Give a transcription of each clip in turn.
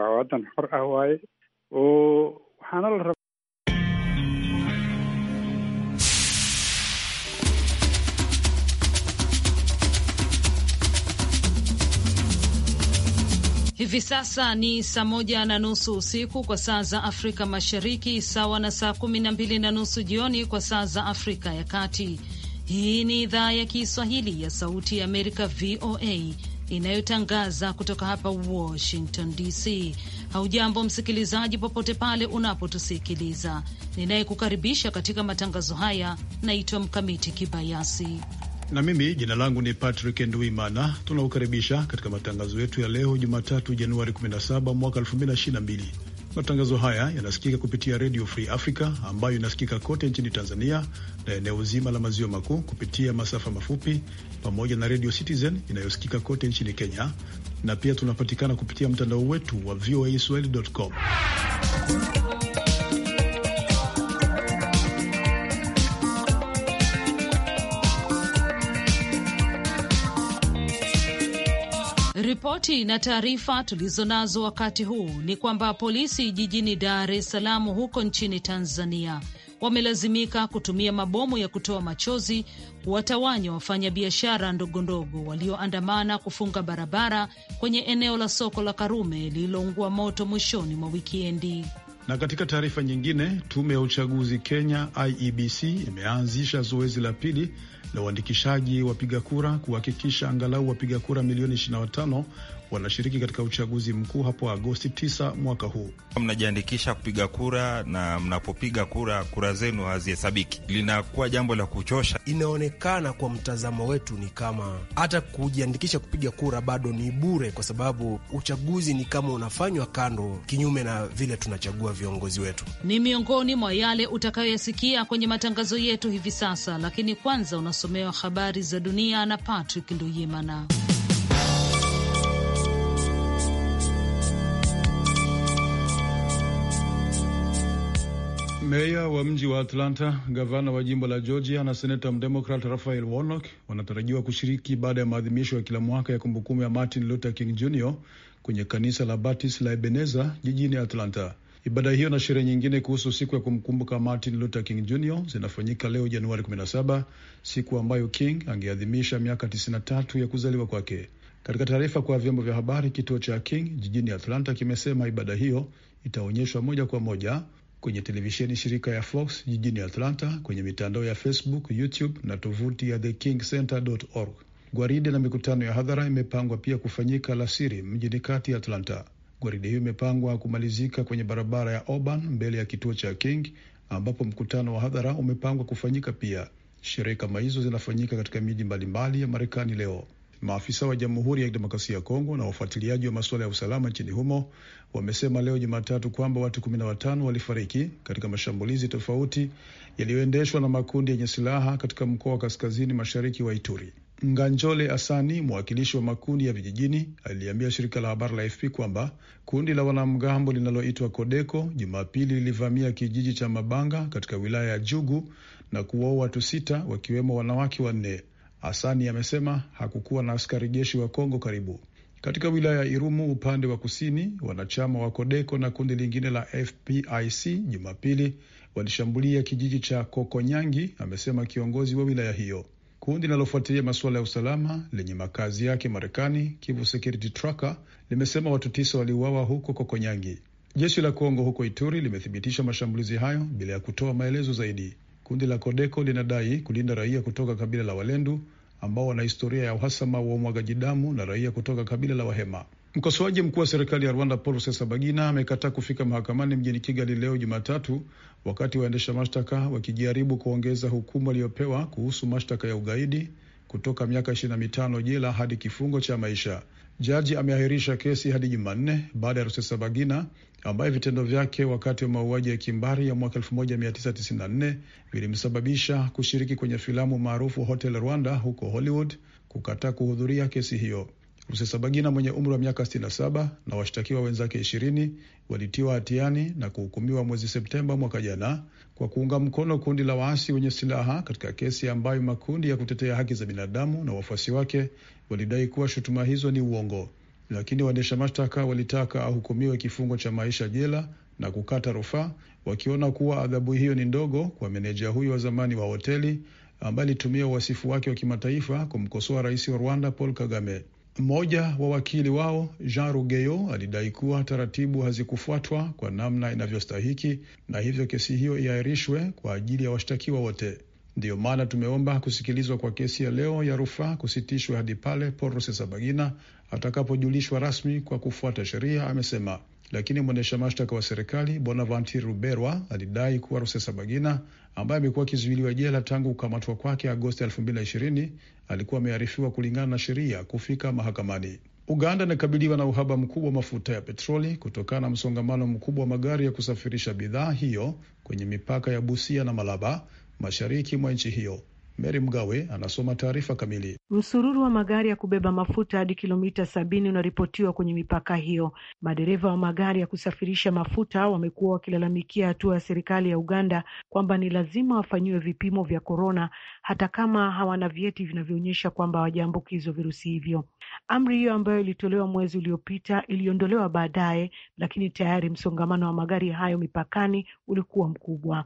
waa wadan xor ah waaye oo waxaana la rabaa Hivi sasa ni saa moja na nusu usiku kwa saa za Afrika Mashariki, sawa na saa kumi na mbili na nusu jioni kwa saa za Afrika ya Kati. Hii ni idhaa ya Kiswahili ya Sauti ya Amerika, VOA inayotangaza kutoka hapa Washington DC. Haujambo msikilizaji, popote pale unapotusikiliza. Ninayekukaribisha katika matangazo haya naitwa Mkamiti Kibayasi na mimi jina langu ni Patrick Nduimana. Tunakukaribisha katika matangazo yetu ya leo Jumatatu, Januari 17 mwaka 2022 Matangazo haya yanasikika kupitia Redio Free Africa ambayo inasikika kote nchini Tanzania na eneo zima la maziwa makuu kupitia masafa mafupi, pamoja na Redio Citizen inayosikika kote nchini Kenya, na pia tunapatikana kupitia mtandao wetu wa voaswahili.com. Ripoti na taarifa tulizonazo wakati huu ni kwamba polisi jijini Dar es Salaam huko nchini Tanzania wamelazimika kutumia mabomu ya kutoa machozi kuwatawanya wafanyabiashara ndogondogo walioandamana kufunga barabara kwenye eneo la soko la Karume lililoungua moto mwishoni mwa wikendi. Na katika taarifa nyingine, tume ya uchaguzi Kenya IEBC imeanzisha zoezi la pili la uandikishaji wapiga kura kuhakikisha angalau wapiga kura milioni 25 wanashiriki katika uchaguzi mkuu hapo Agosti 9 mwaka huu. Mnajiandikisha kupiga kura, na mnapopiga kura, kura zenu hazihesabiki. Linakuwa jambo la kuchosha. Inaonekana kwa mtazamo wetu ni kama hata kujiandikisha kupiga kura bado ni bure, kwa sababu uchaguzi ni kama unafanywa kando, kinyume na vile tunachagua viongozi wetu. Ni miongoni mwa yale utakayoyasikia kwenye matangazo yetu hivi sasa, lakini kwanza unasomewa habari za dunia na Patrick Nduyimana. Meya wa mji wa Atlanta, gavana wa jimbo la Georgia na seneta mdemokrat Raphael Warnock wanatarajiwa kushiriki baada ya maadhimisho ya kila mwaka ya kumbukumbu ya Martin Luther King Jr kwenye kanisa la Baptist la Ebenezer jijini Atlanta. Ibada hiyo na sherehe nyingine kuhusu siku ya kumkumbuka Martin Luther King Jr zinafanyika leo Januari 17, siku ambayo King angeadhimisha miaka 93 ya kuzaliwa kwake. Katika taarifa kwa vyombo vya habari, kituo cha King jijini Atlanta kimesema ibada hiyo itaonyeshwa moja kwa moja kwenye televisheni shirika ya Fox jijini Atlanta, kwenye mitandao ya Facebook, YouTube na tovuti ya thekingcenter.org. Gwaride na mikutano ya hadhara imepangwa pia kufanyika alasiri mjini kati ya Atlanta. Gwaride hiyo imepangwa kumalizika kwenye barabara ya Auburn mbele ya kituo cha King ambapo mkutano wa hadhara umepangwa kufanyika pia. Sherehe kama hizo zinafanyika katika miji mbalimbali ya Marekani leo. Maafisa wa Jamhuri ya Kidemokrasia ya Kongo na wafuatiliaji wa masuala ya usalama nchini humo wamesema leo Jumatatu kwamba watu 15 walifariki katika mashambulizi tofauti yaliyoendeshwa na makundi yenye silaha katika mkoa wa kaskazini mashariki wa Ituri. Nganjole Asani, mwakilishi wa makundi ya vijijini, aliliambia shirika la habari la fp kwamba kundi la wanamgambo linaloitwa Kodeko Jumapili lilivamia kijiji cha Mabanga katika wilaya ya Jugu na kuwaua watu sita wakiwemo wanawake wanne. Asani amesema hakukuwa na askari jeshi wa Kongo karibu. Katika wilaya ya Irumu upande wa kusini, wanachama wa Kodeko na kundi lingine la FPIC Jumapili walishambulia kijiji cha Kokonyangi, amesema kiongozi wa wilaya hiyo. Kundi linalofuatilia masuala ya usalama lenye makazi yake Marekani, Kivu Security Tracker, limesema watu tisa waliuawa huko Kokonyangi. Jeshi la Kongo huko Ituri limethibitisha mashambulizi hayo bila ya kutoa maelezo zaidi. Kundi la Kodeko linadai kulinda raia kutoka kabila la Walendu ambao wana historia ya uhasama wa umwagaji damu na raia kutoka kabila la Wahema. Mkosoaji mkuu wa serikali ya Rwanda Paul Rusesabagina amekataa kufika mahakamani mjini Kigali leo Jumatatu, wakati waendesha mashtaka wakijaribu kuongeza hukumu aliyopewa kuhusu mashtaka ya ugaidi kutoka miaka 25 jela hadi kifungo cha maisha. Jaji ameahirisha kesi hadi Jumanne baada ya Rusesabagina ambaye vitendo vyake wakati wa mauaji ya kimbari ya mwaka 1994 vilimsababisha kushiriki kwenye filamu maarufu Hotel Rwanda huko Hollywood kukataa kuhudhuria kesi hiyo. Rusesabagina mwenye umri wa miaka 67 na washtakiwa wenzake 20 walitiwa hatiani na kuhukumiwa mwezi Septemba mwaka jana kwa kuunga mkono kundi la waasi wenye silaha katika kesi ambayo makundi ya kutetea haki za binadamu na wafuasi wake walidai kuwa shutuma hizo ni uongo lakini waendesha mashtaka walitaka ahukumiwe kifungo cha maisha jela na kukata rufaa, wakiona kuwa adhabu hiyo ni ndogo kwa meneja huyo wa zamani wa hoteli ambaye alitumia uwasifu wake wa kimataifa kumkosoa rais wa Rwanda Paul Kagame. Mmoja wa wakili wao Jean Rugeyo alidai kuwa taratibu hazikufuatwa kwa namna inavyostahiki na hivyo kesi hiyo iahirishwe kwa ajili ya washtakiwa wote. Ndiyo maana tumeomba kusikilizwa kwa kesi ya leo ya rufaa kusitishwa hadi pale Paul Rusesabagina atakapojulishwa rasmi kwa kufuata sheria, amesema. Lakini mwendesha mashtaka wa serikali Bonaventure Ruberwa alidai kuwa Rusesabagina ambaye amekuwa akizuiliwa jela tangu kukamatwa kwake Agosti 2020 alikuwa amearifiwa kulingana na sheria kufika mahakamani. Uganda inakabiliwa na uhaba mkubwa wa mafuta ya petroli kutokana na msongamano mkubwa wa magari ya kusafirisha bidhaa hiyo kwenye mipaka ya Busia na Malaba, mashariki mwa nchi hiyo. Mary Mgawe anasoma taarifa kamili. Msururu wa magari ya kubeba mafuta hadi kilomita sabini unaripotiwa kwenye mipaka hiyo. Madereva wa magari ya kusafirisha mafuta wamekuwa wakilalamikia hatua ya serikali ya Uganda kwamba ni lazima wafanyiwe vipimo vya korona, hata kama hawana vyeti vinavyoonyesha kwamba hawajaambukizwa virusi hivyo. Amri hiyo ambayo ilitolewa mwezi uliopita iliondolewa baadaye, lakini tayari msongamano wa magari hayo mipakani ulikuwa mkubwa.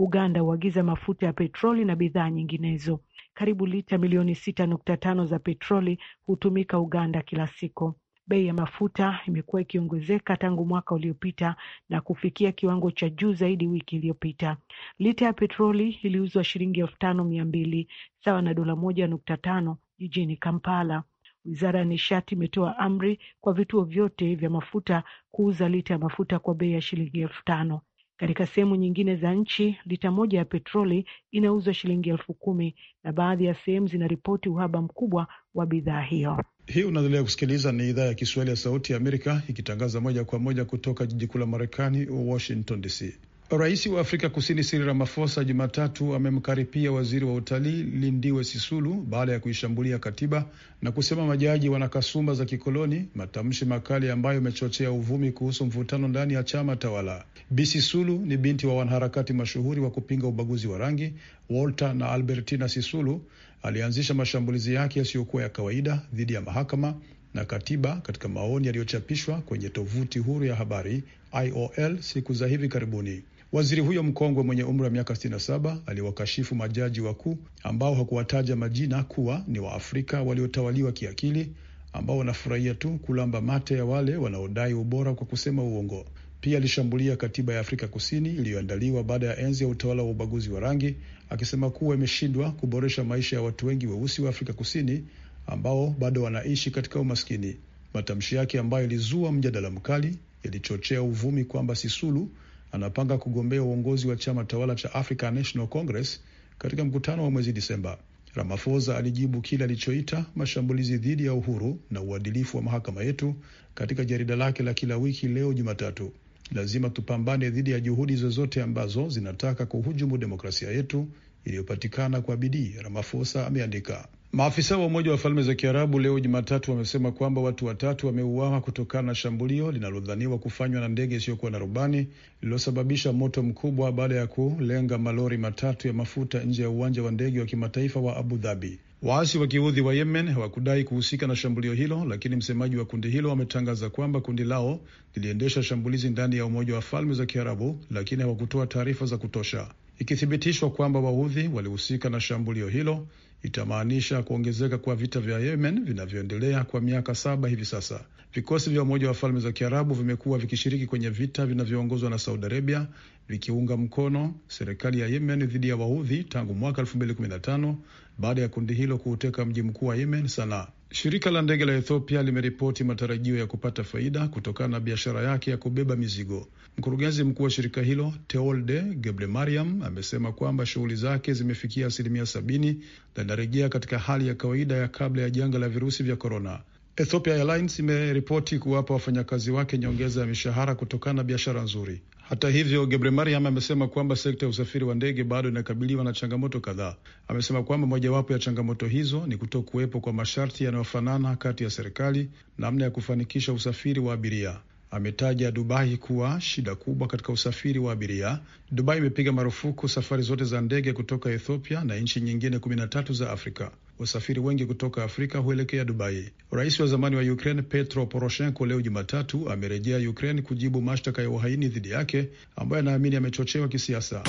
Uganda huagiza mafuta ya petroli na bidhaa nyinginezo. Karibu lita milioni sita nukta tano za petroli hutumika Uganda kila siku. Bei ya mafuta imekuwa ikiongezeka tangu mwaka uliopita na kufikia kiwango cha juu zaidi wiki iliyopita. Lita ya petroli iliuzwa shilingi elfu tano mia mbili sawa na dola moja nukta tano jijini Kampala. Wizara ya Nishati imetoa amri kwa vituo vyote vya mafuta kuuza lita ya mafuta kwa bei ya shilingi elfu tano. Katika sehemu nyingine za nchi lita moja ya petroli inauzwa shilingi elfu kumi na baadhi ya sehemu zinaripoti uhaba mkubwa wa bidhaa hiyo. Hii unaendelea kusikiliza, ni idhaa ya Kiswahili ya Sauti ya Amerika ikitangaza moja kwa moja kutoka jiji kuu la Marekani, Washington DC. Rais wa Afrika Kusini Cyril Ramaphosa Jumatatu amemkaripia waziri wa utalii Lindiwe Sisulu baada ya kuishambulia katiba na kusema majaji wana kasumba za kikoloni, matamshi makali ambayo yamechochea uvumi kuhusu mvutano ndani ya chama tawala. Bi Sisulu ni binti wa wanaharakati mashuhuri wa kupinga ubaguzi wa rangi Walter na Albertina Sisulu. Alianzisha mashambulizi yake yasiyokuwa ya kawaida dhidi ya mahakama na katiba katika maoni yaliyochapishwa kwenye tovuti huru ya habari IOL siku za hivi karibuni. Waziri huyo mkongwe mwenye umri wa miaka 67 aliwakashifu majaji wakuu ambao hakuwataja majina kuwa ni Waafrika waliotawaliwa kiakili ambao wanafurahia tu kulamba mate ya wale wanaodai ubora kwa kusema uongo. Pia alishambulia katiba ya Afrika Kusini iliyoandaliwa baada ya enzi ya utawala wa ubaguzi wa rangi, akisema kuwa imeshindwa kuboresha maisha ya watu wengi weusi wa Afrika Kusini ambao bado wanaishi katika umaskini. Matamshi yake ambayo ilizua mjadala mkali yalichochea uvumi kwamba Sisulu anapanga kugombea uongozi wa chama tawala cha African National Congress katika mkutano wa mwezi Disemba. ramafosa alijibu kile alichoita mashambulizi dhidi ya uhuru na uadilifu wa mahakama yetu katika jarida lake la kila wiki leo Jumatatu. Lazima tupambane dhidi ya juhudi zozote ambazo zinataka kuhujumu demokrasia yetu iliyopatikana kwa bidii, ramafosa ameandika. Maafisa wa Umoja wa Falme za Kiarabu leo Jumatatu wamesema kwamba watu watatu wameuawa kutokana na shambulio linalodhaniwa kufanywa na ndege isiyokuwa na rubani lililosababisha moto mkubwa baada ya kulenga malori matatu ya mafuta nje ya uwanja wa ndege wa kimataifa wa Abu Dhabi. Waasi wa Kiudhi wa Yemen hawakudai kuhusika na shambulio hilo, lakini msemaji wa kundi hilo ametangaza kwamba kundi lao liliendesha shambulizi ndani ya Umoja wa Falme za Kiarabu, lakini hawakutoa taarifa za kutosha. Ikithibitishwa kwamba Waudhi walihusika na shambulio hilo, itamaanisha kuongezeka kwa vita vya Yemen vinavyoendelea kwa miaka saba hivi sasa. Vikosi vya Umoja wa Falme za Kiarabu vimekuwa vikishiriki kwenye vita vinavyoongozwa na Saudi Arabia vikiunga mkono serikali ya Yemen dhidi ya Wahudhi tangu mwaka 2015 baada ya kundi hilo kuuteka mji mkuu wa Yemen, Sanaa. Shirika la ndege la Ethiopia limeripoti matarajio ya kupata faida kutokana na biashara yake ya kubeba mizigo. Mkurugenzi mkuu wa shirika hilo Teolde Mariam amesema kwamba shughuli zake zimefikia asilimia sabini na inarejea katika hali ya kawaida ya kabla ya janga la virusi vya korona. Ethiopia Airlines imeripoti kuwapa wafanyakazi wake nyongeza ya mishahara kutokana na biashara nzuri. Hata hivyo, Gebre Mariam amesema kwamba sekta ya usafiri wa ndege bado inakabiliwa na changamoto kadhaa. Amesema kwamba mojawapo ya changamoto hizo ni kuto kuwepo kwa masharti yanayofanana kati ya serikali namna ya kufanikisha usafiri wa abiria ametaja Dubai kuwa shida kubwa katika usafiri wa abiria. Dubai imepiga marufuku safari zote za ndege kutoka Ethiopia na nchi nyingine kumi na tatu za Afrika. Wasafiri wengi kutoka Afrika huelekea Dubai. Rais wa zamani wa Ukraine Petro Poroshenko leo Jumatatu amerejea Ukraine kujibu mashtaka ya uhaini dhidi yake ambayo anaamini amechochewa kisiasa.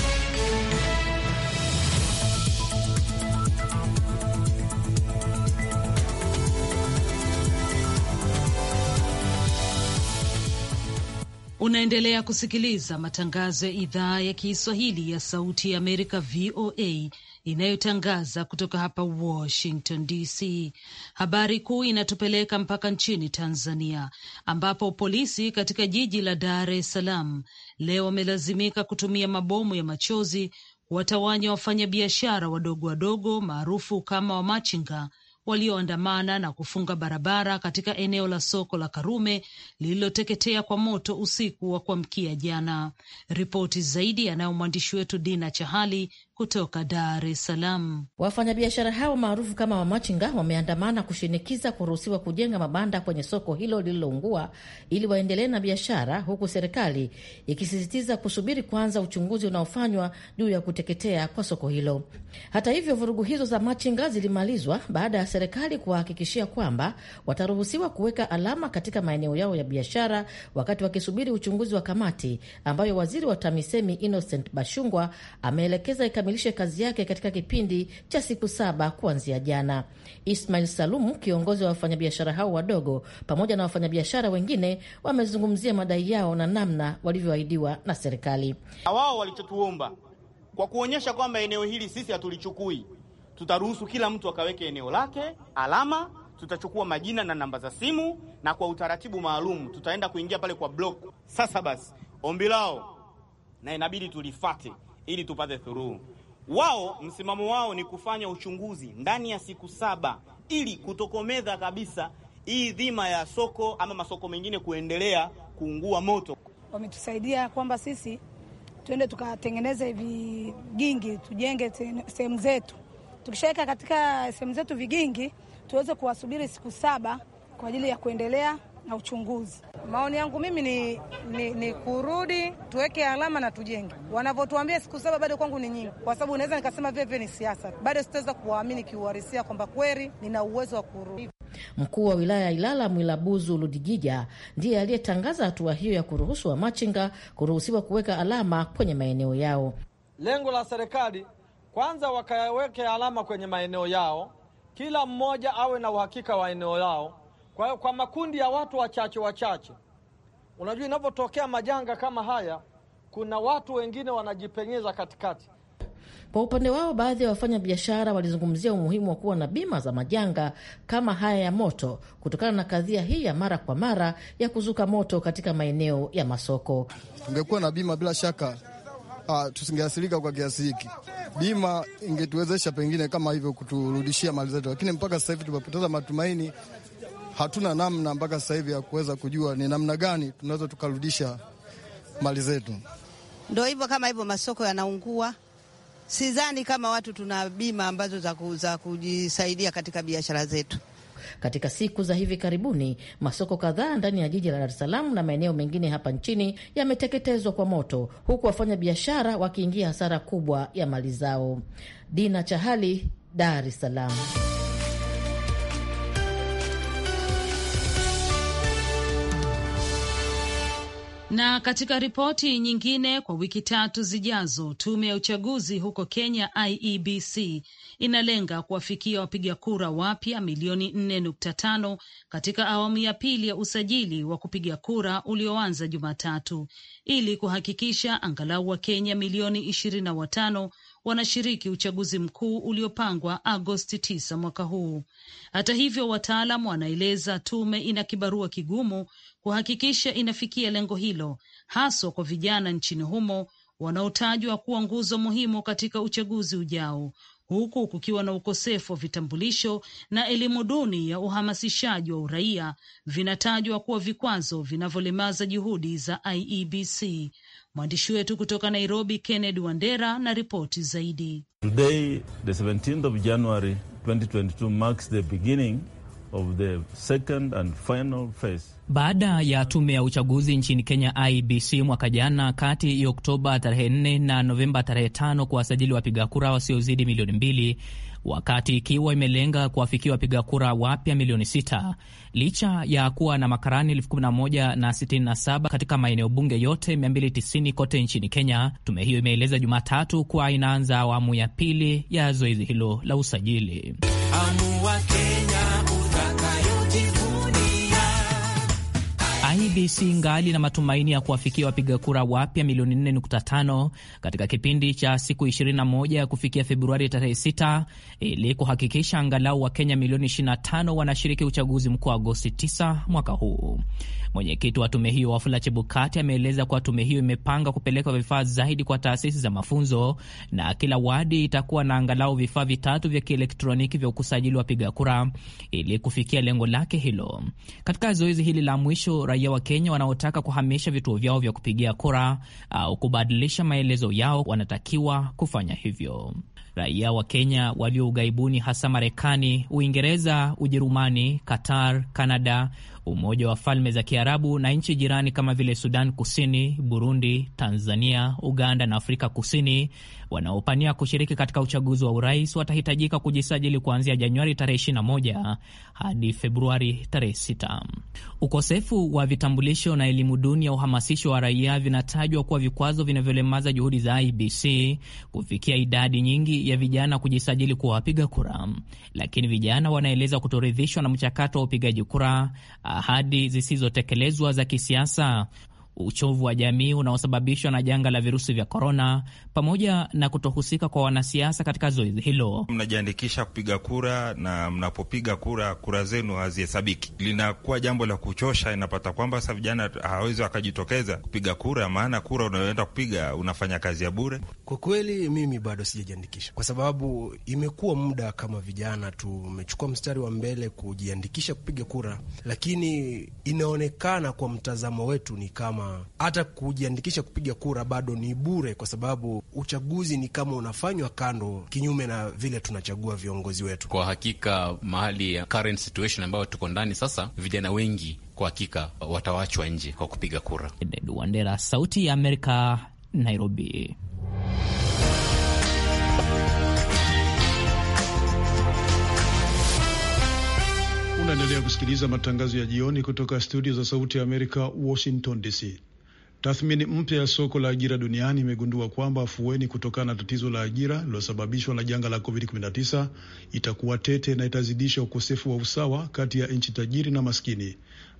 Unaendelea kusikiliza matangazo ya idhaa ya Kiswahili ya Sauti ya Amerika, VOA, inayotangaza kutoka hapa Washington DC. Habari kuu inatupeleka mpaka nchini Tanzania, ambapo polisi katika jiji la Dar es Salaam leo wamelazimika kutumia mabomu ya machozi kuwatawanya wafanyabiashara wadogo wadogo maarufu kama wamachinga walioandamana na kufunga barabara katika eneo la soko la Karume lililoteketea kwa moto usiku wa kuamkia jana. Ripoti zaidi anayo mwandishi wetu Dina Chahali kutoka Dar es Salaam. Wafanyabiashara hao maarufu kama wamachinga wameandamana kushinikiza kuruhusiwa kujenga mabanda kwenye soko hilo lililoungua ili waendelee na biashara, huku serikali ikisisitiza kusubiri kwanza uchunguzi unaofanywa juu ya kuteketea kwa soko hilo. Hata hivyo, vurugu hizo za machinga zilimalizwa baada ya serikali kuwahakikishia kwamba wataruhusiwa kuweka alama katika maeneo yao ya biashara, wakati wakisubiri uchunguzi wa kamati ambayo waziri wa TAMISEMI Innocent Bashungwa ameelekeza akamilishe kazi yake katika kipindi cha siku saba kuanzia jana. Ismail Salum, kiongozi wa wafanyabiashara hao wadogo, pamoja na wafanyabiashara wengine, wamezungumzia madai yao na namna walivyoahidiwa na serikali. Wao walichotuomba kwa kuonyesha kwamba eneo hili sisi hatulichukui, tutaruhusu kila mtu akaweke eneo lake alama tutachukua majina na namba za simu na kwa utaratibu maalum tutaenda kuingia pale kwa block. Sasa basi, ombi lao na inabidi tulifate ili tupate thuruhu wao msimamo wao ni kufanya uchunguzi ndani ya siku saba ili kutokomeza kabisa hii dhima ya soko ama masoko mengine kuendelea kuungua moto. Wametusaidia kwamba sisi tuende tukatengeneze vigingi, tujenge sehemu zetu. Tukishaweka katika sehemu zetu vigingi, tuweze kuwasubiri siku saba kwa ajili ya kuendelea na uchunguzi. Maoni yangu mimi ni, ni, ni kurudi tuweke alama na tujenge. Wanavyotuambia siku saba bado kwangu ni nyingi, kwa sababu unaweza nikasema vile vile ni siasa, bado sitaweza kuwaamini kiuharisia kwamba kweli nina uwezo wa kurudi. Mkuu wa wilaya ya Ilala Mwilabuzu Ludigija ndiye aliyetangaza hatua hiyo ya kuruhusu wamachinga kuruhusiwa kuweka alama kwenye maeneo yao. Lengo la serikali kwanza wakaweke alama kwenye maeneo yao, kila mmoja awe na uhakika wa eneo lao kwa hiyo kwa makundi ya watu wachache wachache, unajua inavyotokea majanga kama haya, kuna watu wengine wanajipenyeza katikati. Kwa upande wao, baadhi ya wafanya biashara walizungumzia umuhimu wa kuwa na bima za majanga kama haya ya moto, kutokana na kadhia hii ya mara kwa mara ya kuzuka moto katika maeneo ya masoko. Tungekuwa na bima, bila shaka ah, tusingeathirika kwa kiasi hiki. Bima ingetuwezesha pengine kama hivyo kuturudishia mali zetu, lakini mpaka sasa hivi tumepoteza matumaini hatuna namna mpaka sasa hivi ya kuweza kujua ni namna gani tunaweza tukarudisha mali zetu. Ndo hivyo kama hivyo, masoko yanaungua. Sidhani kama watu tuna bima ambazo za kujisaidia katika biashara zetu. Katika siku za hivi karibuni masoko kadhaa ndani ya jiji la Dar es Salaam na maeneo mengine hapa nchini yameteketezwa kwa moto, huku wafanya biashara wakiingia hasara kubwa ya mali zao. Dina Chahali, Dar es Salaam. Na katika ripoti nyingine, kwa wiki tatu zijazo, tume ya uchaguzi huko Kenya IEBC inalenga kuwafikia wapiga kura wapya milioni 4.5 katika awamu ya pili ya usajili wa kupiga kura ulioanza Jumatatu ili kuhakikisha angalau Wakenya milioni 25 watano wanashiriki uchaguzi mkuu uliopangwa Agosti 9 mwaka huu. Hata hivyo, wataalam wanaeleza tume ina kibarua kigumu kuhakikisha inafikia lengo hilo haswa kwa vijana nchini humo wanaotajwa kuwa nguzo muhimu katika uchaguzi ujao, huku kukiwa na ukosefu wa vitambulisho na elimu duni ya uhamasishaji wa uraia vinatajwa kuwa vikwazo vinavyolemaza juhudi za IEBC. Mwandishi wetu kutoka Nairobi, Kennedy Wandera, na ripoti zaidi. Today, the 17th of January, 2022 marks the beginning of the second and final phase. Baada ya tume ya uchaguzi nchini Kenya IBC mwaka jana kati ya Oktoba tarehe 4 na Novemba tarehe 5 kuwasajili wapiga kura wasiozidi milioni mbili wakati ikiwa imelenga kuwafikia wapiga kura wapya milioni 6 licha ya kuwa na makarani 11,067 katika maeneo bunge yote 290 kote nchini Kenya. Tume hiyo imeeleza Jumatatu kuwa inaanza awamu ya pili ya zoezi hilo la usajili Amuake. IBC ngali na matumaini ya kuwafikia wapiga kura wapya milioni 4.5 katika kipindi cha siku 21 ya kufikia Februari tarehe 6 ili kuhakikisha angalau Wakenya milioni 25 wanashiriki uchaguzi mkuu Agosti 9 mwaka huu. Mwenyekiti wa tume hiyo Wafula Chebukati ameeleza kuwa tume hiyo imepanga kupeleka vifaa zaidi kwa taasisi za mafunzo na kila wadi itakuwa na angalau vifaa vitatu vya kielektroniki vya ukusajili wapiga kura ili kufikia lengo lake hilo. Katika zoezi hili la mwisho raia wa Kenya wanaotaka kuhamisha vituo vyao vya kupigia kura au uh, kubadilisha maelezo yao wanatakiwa kufanya hivyo. Raia wa Kenya walio ughaibuni, hasa Marekani, Uingereza, Ujerumani, Qatar, Kanada, Umoja wa Falme za Kiarabu na nchi jirani kama vile Sudan Kusini, Burundi, Tanzania, Uganda na Afrika Kusini wanaopania kushiriki katika uchaguzi wa urais watahitajika kujisajili kuanzia Januari tarehe 21 hadi Februari tarehe 6. Ukosefu wa vitambulisho na elimu duni ya uhamasisho wa raia vinatajwa kuwa vikwazo vinavyolemaza juhudi za IBC kufikia idadi nyingi ya vijana kujisajili kuwa wapiga kura, lakini vijana wanaeleza kutoridhishwa na mchakato wa upigaji kura ahadi zisizotekelezwa za kisiasa uchovu wa jamii unaosababishwa na janga la virusi vya korona, pamoja na kutohusika kwa wanasiasa katika zoezi hilo. Mnajiandikisha kupiga kura, na mnapopiga kura, kura zenu hazihesabiki. Linakuwa jambo la kuchosha, inapata kwamba sa vijana hawezi wakajitokeza kupiga kura, maana kura unayoenda kupiga unafanya kazi ya bure. Kwa kweli, mimi bado sijajiandikisha kwa sababu imekuwa muda kama vijana tumechukua mstari wa mbele kujiandikisha kupiga kura, lakini inaonekana kwa mtazamo wetu ni kama hata kujiandikisha kupiga kura bado ni bure, kwa sababu uchaguzi ni kama unafanywa kando, kinyume na vile tunachagua viongozi wetu. Kwa hakika, mahali ya current situation ambayo tuko ndani sasa, vijana wengi kwa hakika watawachwa nje kwa kupiga kura. Wandera, Sauti ya Amerika, Nairobi. Unaendelea kusikiliza matangazo ya jioni kutoka studio za Sauti ya Amerika, Washington DC. Tathmini mpya ya soko la ajira duniani imegundua kwamba afueni kutokana na tatizo la ajira lililosababishwa na janga la COVID-19 itakuwa tete na itazidisha ukosefu wa usawa kati ya nchi tajiri na maskini.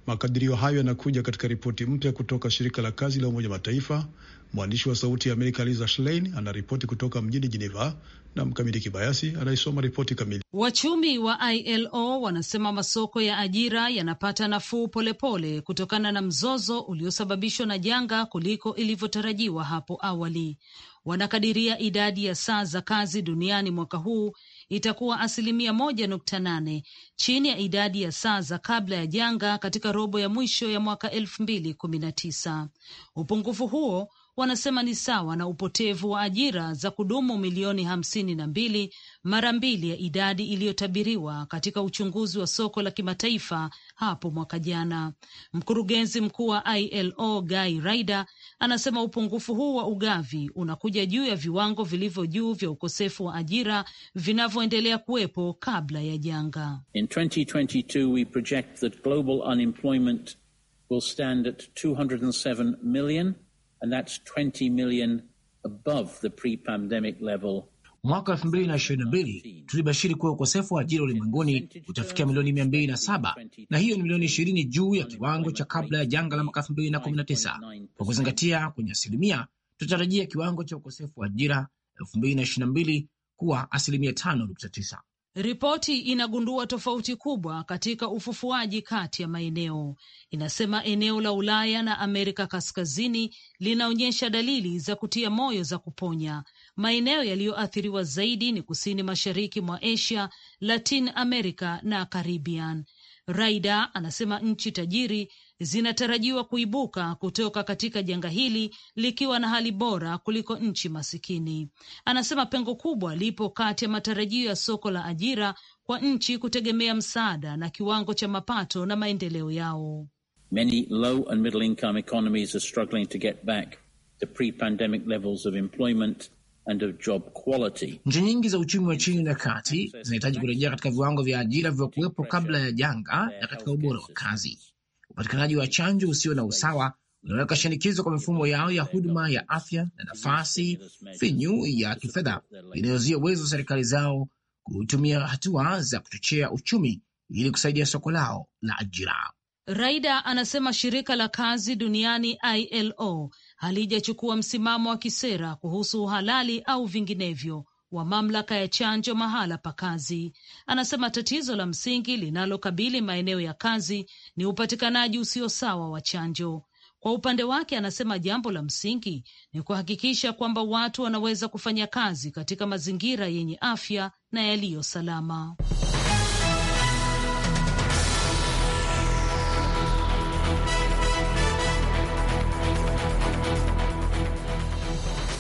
Makadirio hayo yanakuja katika ripoti mpya kutoka shirika la kazi la Umoja Mataifa Mwandishi wa Sauti ya Amerika Lisa Schlein anaripoti kutoka mjini jineva na Mkamiti Kibayasi anaisoma ripoti kamili. Wachumi wa ILO wanasema masoko ya ajira yanapata nafuu polepole kutokana na mzozo uliosababishwa na janga kuliko ilivyotarajiwa hapo awali. Wanakadiria idadi ya saa za kazi duniani mwaka huu itakuwa asilimia moja nukta nane chini ya idadi ya saa za kabla ya janga katika robo ya mwisho ya mwaka elfu mbili kumi na tisa. Upungufu huo wanasema ni sawa na upotevu wa ajira za kudumu milioni hamsini na mbili, mara mbili ya idadi iliyotabiriwa katika uchunguzi wa soko la kimataifa hapo mwaka jana. Mkurugenzi mkuu wa ILO Guy Ryder anasema upungufu huu wa ugavi unakuja juu ya viwango vilivyo juu vya ukosefu wa ajira vinavyoendelea kuwepo kabla ya janga. In 2022 we project that global unemployment will stand at 207 million and that's 20 million above the pre-pandemic level. Mwaka 2022 tulibashiri kuwa ukosefu wa ajira ulimwenguni utafikia milioni mia na saba na hiyo ni milioni ishirini juu ya kiwango cha kabla ya janga la mwaka 2019. Kwa kuzingatia kwenye asilimia, tutatarajia kiwango cha ukosefu wa ajira 2022 kuwa asilimia 59 Ripoti inagundua tofauti kubwa katika ufufuaji kati ya maeneo. Inasema eneo la Ulaya na Amerika Kaskazini linaonyesha dalili za kutia moyo za kuponya. Maeneo yaliyoathiriwa zaidi ni kusini mashariki mwa Asia, Latin America na Caribbean. Raida anasema nchi tajiri zinatarajiwa kuibuka kutoka katika janga hili likiwa na hali bora kuliko nchi masikini. Anasema pengo kubwa lipo kati ya matarajio ya soko la ajira kwa nchi kutegemea msaada na kiwango cha mapato na maendeleo yao. Many low and middle income economies are struggling to get back to pre-pandemic levels of employment and of job quality. Nchi nyingi za uchumi wa chini na kati zinahitaji kurejea katika viwango vya ajira vilivyokuwepo kabla ya janga na katika ubora wa kazi. Upatikanaji wa chanjo usio na usawa unaweka shinikizo kwa mifumo yao ya huduma ya afya na nafasi finyu ya kifedha inayozuia uwezo wa serikali zao kutumia hatua za kuchochea uchumi ili kusaidia soko lao la ajira. Raida anasema shirika la kazi duniani ILO halijachukua msimamo wa kisera kuhusu uhalali au vinginevyo wa mamlaka ya chanjo mahala pa kazi. Anasema tatizo la msingi linalokabili maeneo ya kazi ni upatikanaji usio sawa wa chanjo. Kwa upande wake, anasema jambo la msingi ni kuhakikisha kwamba watu wanaweza kufanya kazi katika mazingira yenye afya na yaliyo salama.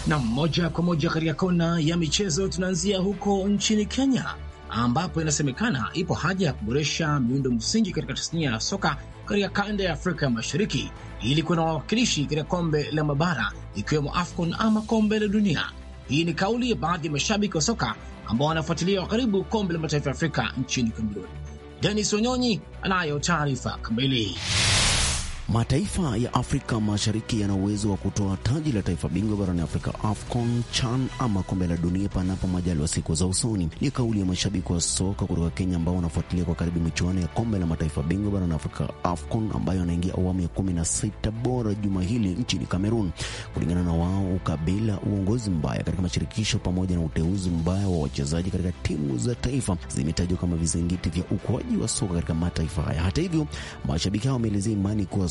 Na moja kwa moja katika kona ya michezo, tunaanzia huko nchini Kenya ambapo inasemekana ipo haja ya kuboresha miundo msingi katika tasnia ya soka katika kanda ya Afrika ya Mashariki ili kuwa na wawakilishi katika kombe la mabara ikiwemo AFCON ama kombe la dunia. Hii ni kauli ya baadhi ya mashabiki wa soka ambao wanafuatilia wa karibu kombe la mataifa ya Afrika nchini Kamerun. Denis Wanyonyi anayo taarifa kamili. Mataifa ya Afrika Mashariki yana uwezo wa kutoa taji la taifa bingwa barani Afrika, AFCON, CHAN ama kombe la dunia panapo wa siku za usoni. Ni kauli ya mashabiki wa soka kutoka Kenya ambao wanafuatilia kwa karibu michuano ya kombe la mataifa bingwa barani Afrika, AFCON, ambayo anaingia awamu ya kumi na sita bora juma hili nchini Kamerun. Kulingana na wao, ukabila, uongozi mbaya katika mashirikisho pamoja na uteuzi mbaya wa wachezaji katika timu za taifa zimetajwa kama vizingiti vya ukuaji wa soka katika mataifa haya. Hata hivyo, mashabiki hao wameelezea imani kuwa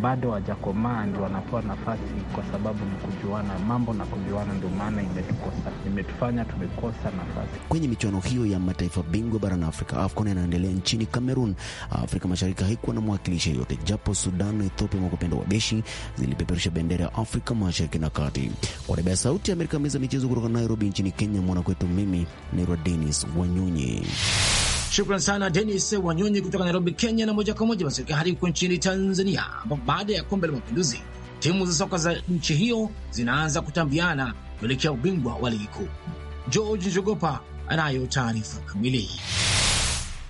bado hawajakomaa ndio wanapewa nafasi, kwa sababu ni kujuana mambo na kujuana, ndio maana imetukosa imetufanya tumekosa nafasi kwenye michuano hiyo ya mataifa bingwa barani Afrika. AFCON yanaendelea nchini Cameroon. Afrika Mashariki haikuwa na mwakilishi yote, japo Sudan na Ethiopia mwakupenda wa beshi zilipeperusha bendera ya Afrika Mashariki na Kati. Kwa niaba ya Sauti ya Amerika, meza michezo kutoka Nairobi nchini Kenya, mwanakwetu mimi ni Denis Wanyonyi. Shukran sana Denis Wanyonyi kutoka Nairobi, Kenya. Na moja kwa moja masirika hadi huko nchini Tanzania, ambapo baada ya kombe la mapinduzi timu za soka za nchi hiyo zinaanza kutambiana kuelekea ubingwa wa ligi kuu. George Njogopa anayo taarifa kamili.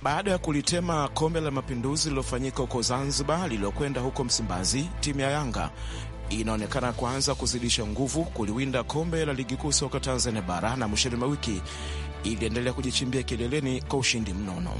Baada ya kulitema kombe la mapinduzi lililofanyika huko Zanzibar lililokwenda huko Msimbazi, timu ya Yanga inaonekana kuanza kuzidisha nguvu kuliwinda kombe la ligi kuu soka Tanzania bara na mwishoni mwa wiki iliendelea kujichimbia kileleni kwa ushindi mnono.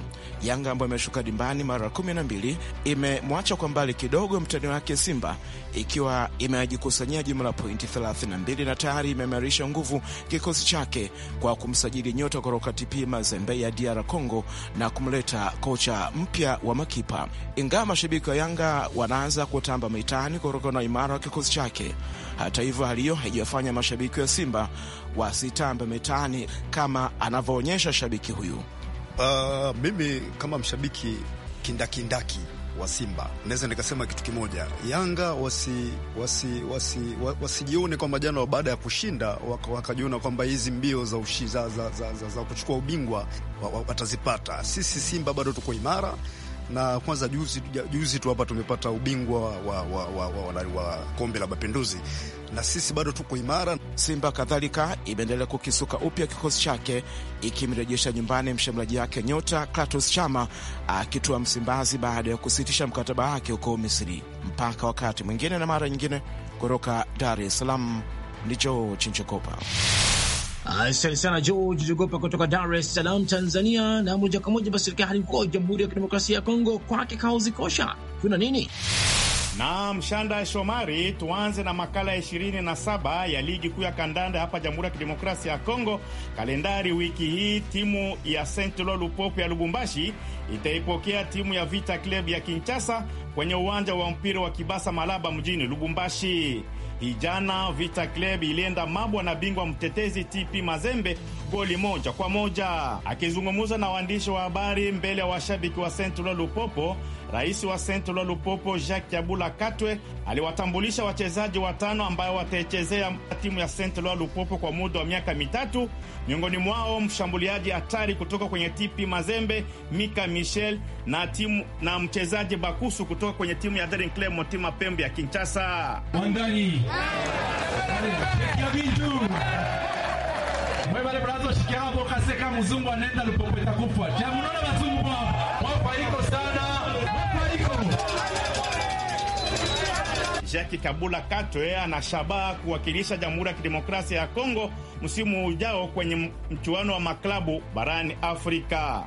Yanga ambayo imeshuka dimbani mara 12 imemwacha kwa mbali kidogo mtani wake Simba ikiwa imejikusanyia jumla pointi 32 na tayari imeimarisha nguvu kikosi chake kwa kumsajili nyota kutoka TP Mazembe ya DR Congo na kumleta kocha mpya wa makipa. Ingawa mashabiki wa Yanga wanaanza kutamba mitaani kutokana na imara wa kikosi chake, hata hivyo, hali hiyo haijafanya mashabiki wa Simba wasitambe mitaani kama anavyoonyesha shabiki huyu. Uh, mimi kama mshabiki kindakindaki wa Simba naweza nikasema kitu kimoja, Yanga wasijione wasi, wasi, wasi kwamba jana baada ya kushinda wakajiona kwamba hizi mbio za, ushi, za, za, za, za, za kuchukua ubingwa watazipata. Sisi Simba bado tuko imara na kwanza juzi, juzi tu hapa tumepata ubingwa wa, wa, wa, wa, wa, wa kombe la mapinduzi na sisi bado tuko imara. Simba kadhalika imeendelea kukisuka upya kikosi chake ikimrejesha nyumbani mshambuliaji wake nyota Kratos Chama akitua Msimbazi baada ya kusitisha mkataba wake huko Misri. Mpaka wakati mwingine na mara nyingine, kutoka Dar es Salaam ndicho chinchokopa. Asante ah, sana George Jogopa kutoka Dar es Salaam, Tanzania. Na moja kwa moja basi hadi huko Jamhuri ya Kidemokrasia ya Kongo, kwake Kaozi Kosha, kuna nini? Naam, Shanda Shomari, tuanze na makala ya 27 ya ligi kuu ya kandanda hapa Jamhuri ya Kidemokrasia ya Kongo. Kalendari wiki hii timu ya Saint Lô Lupopo ya Lubumbashi itaipokea timu ya Vita Club ya Kinshasa kwenye uwanja wa mpira wa Kibasa Malaba mjini Lubumbashi. Hijana Vita Club ilienda mabwa na bingwa mtetezi TP Mazembe goli moja kwa moja. Akizungumza na waandishi wa habari mbele ya washabiki wa Central Lupopo Rais wa Central Lupopo Jacques Yabula Katwe aliwatambulisha wachezaji watano ambayo wataichezea timu ya Central Lupopo kwa muda wa miaka mitatu, miongoni mwao mshambuliaji hatari kutoka kwenye TP Mazembe Mika Michel na timu na mchezaji Bakusu kutoka kwenye timu ya Daring Club Motima Pembe ya Kinshasa. Mzungu anaenda Lupopo itakufa. Mnaona mzungu wao. Wao iko sana. Jacki Kabula Katwe ana shabaha kuwakilisha Jamhuri ya Kidemokrasia ya Kongo msimu ujao kwenye mchuano wa maklabu barani Afrika.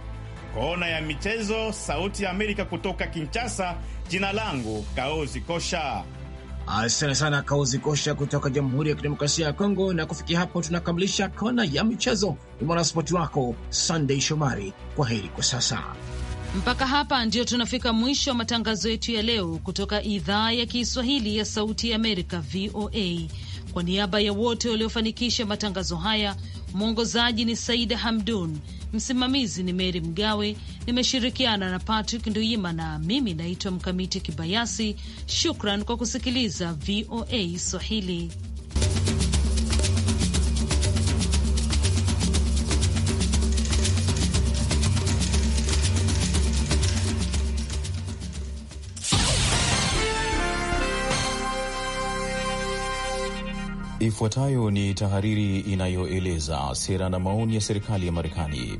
Kona ya michezo, Sauti ya Amerika kutoka Kinshasa. Jina langu Kaozi Kosha. Asante sana Kaozi Kosha kutoka Jamhuri ya Kidemokrasia ya Kongo. Na kufikia hapo, tunakamilisha kona ya michezo. Ni mwanaspoti wako Sunday Shomari. Kwa heri kwa sasa. Mpaka hapa ndio tunafika mwisho wa matangazo yetu ya leo kutoka idhaa ya Kiswahili ya Sauti ya Amerika, VOA. Kwa niaba ya wote waliofanikisha matangazo haya, mwongozaji ni Saida Hamdun, msimamizi ni Meri Mgawe, nimeshirikiana na Patrick Nduima na mimi naitwa Mkamiti Kibayasi. Shukran kwa kusikiliza VOA Swahili. Ifuatayo ni tahariri inayoeleza sera na maoni ya serikali ya Marekani.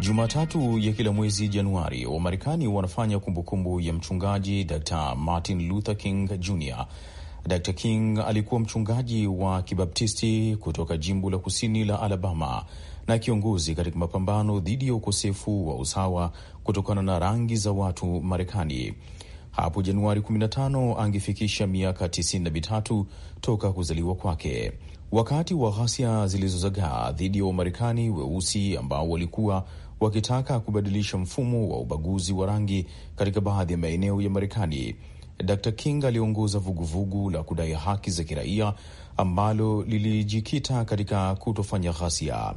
Jumatatu ya kila mwezi Januari, Wamarekani wanafanya kumbukumbu ya mchungaji Dr. Martin Luther King Jr. Dr. King alikuwa mchungaji wa Kibaptisti kutoka jimbo la kusini la Alabama na kiongozi katika mapambano dhidi ya ukosefu wa usawa kutokana na rangi za watu Marekani hapo Januari 15 angefikisha miaka 93 toka kuzaliwa kwake. Wakati wa ghasia zilizozagaa dhidi ya Wamarekani weusi ambao walikuwa wakitaka kubadilisha mfumo wa ubaguzi wa rangi katika baadhi ya maeneo ya Marekani, Dr. King aliongoza vuguvugu la kudai haki za kiraia ambalo lilijikita katika kutofanya ghasia.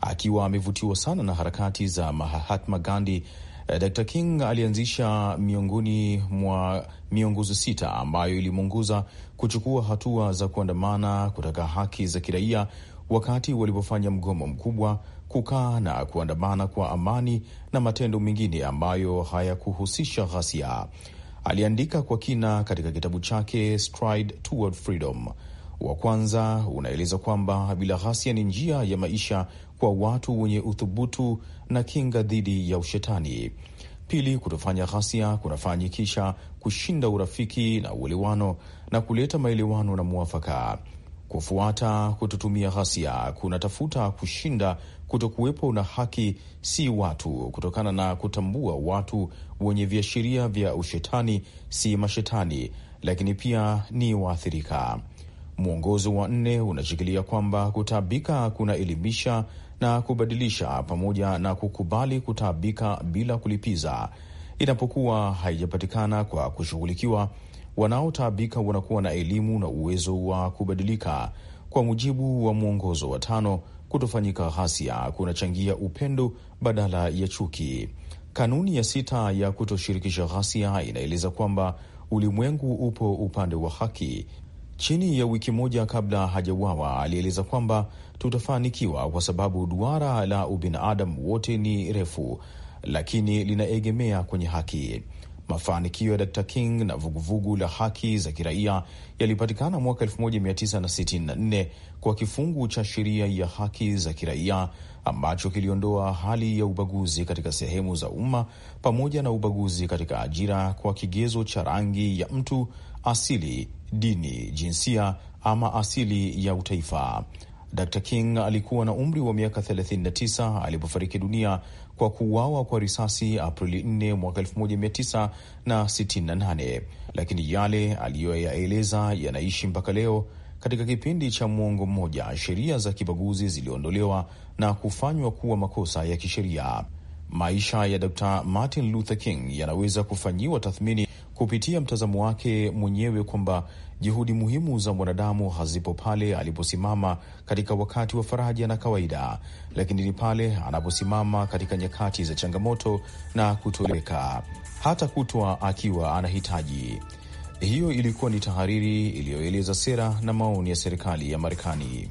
Akiwa amevutiwa sana na harakati za Mahatma Gandhi Eh, Dr. King alianzisha miongoni mwa miongozo sita ambayo ilimuunguza kuchukua hatua za kuandamana kutaka haki za kiraia wakati walipofanya mgomo mkubwa, kukaa na kuandamana kwa amani na matendo mengine ambayo hayakuhusisha ghasia. Aliandika kwa kina katika kitabu chake Stride Toward Freedom. Wa kwanza unaeleza kwamba bila ghasia ni njia ya maisha kwa watu wenye uthubutu na kinga dhidi ya ushetani. Pili, kutofanya ghasia kunafanyikisha kushinda urafiki na uelewano na kuleta maelewano na mwafaka. Kufuata kutotumia ghasia kunatafuta kushinda kutokuwepo na haki si watu, kutokana na kutambua watu wenye viashiria vya ushetani si mashetani, lakini pia ni waathirika. Mwongozo wa nne unashikilia kwamba kutaabika kunaelimisha na kubadilisha pamoja na kukubali kutaabika bila kulipiza. Inapokuwa haijapatikana kwa kushughulikiwa, wanaotaabika wanakuwa na elimu na uwezo wa kubadilika. Kwa mujibu wa mwongozo wa tano, kutofanyika ghasia kunachangia upendo badala ya chuki. Kanuni ya sita ya kutoshirikisha ghasia inaeleza kwamba ulimwengu upo upande wa haki. Chini ya wiki moja kabla hajauawa, alieleza kwamba tutafanikiwa kwa sababu duara la ubinadamu wote ni refu, lakini linaegemea kwenye haki. Mafanikio ya Dr. King na vuguvugu la haki za kiraia yalipatikana mwaka 1964 kwa kifungu cha sheria ya haki za kiraia ambacho kiliondoa hali ya ubaguzi katika sehemu za umma pamoja na ubaguzi katika ajira kwa kigezo cha rangi ya mtu, asili, dini, jinsia ama asili ya utaifa. Dr. King alikuwa na umri wa miaka 39 alipofariki dunia kwa kuuawa kwa risasi Aprili 4 mwaka 1968, lakini yale aliyoyaeleza yanaishi mpaka leo. Katika kipindi cha mwongo mmoja, sheria za kibaguzi ziliondolewa na kufanywa kuwa makosa ya kisheria. Maisha ya Dr. Martin Luther King yanaweza kufanyiwa tathmini kupitia mtazamo wake mwenyewe kwamba juhudi muhimu za mwanadamu hazipo pale aliposimama katika wakati wa faraja na kawaida, lakini ni pale anaposimama katika nyakati za changamoto na kutoleka hata kutwa akiwa anahitaji. Hiyo ilikuwa ni tahariri iliyoeleza sera na maoni ya serikali ya Marekani.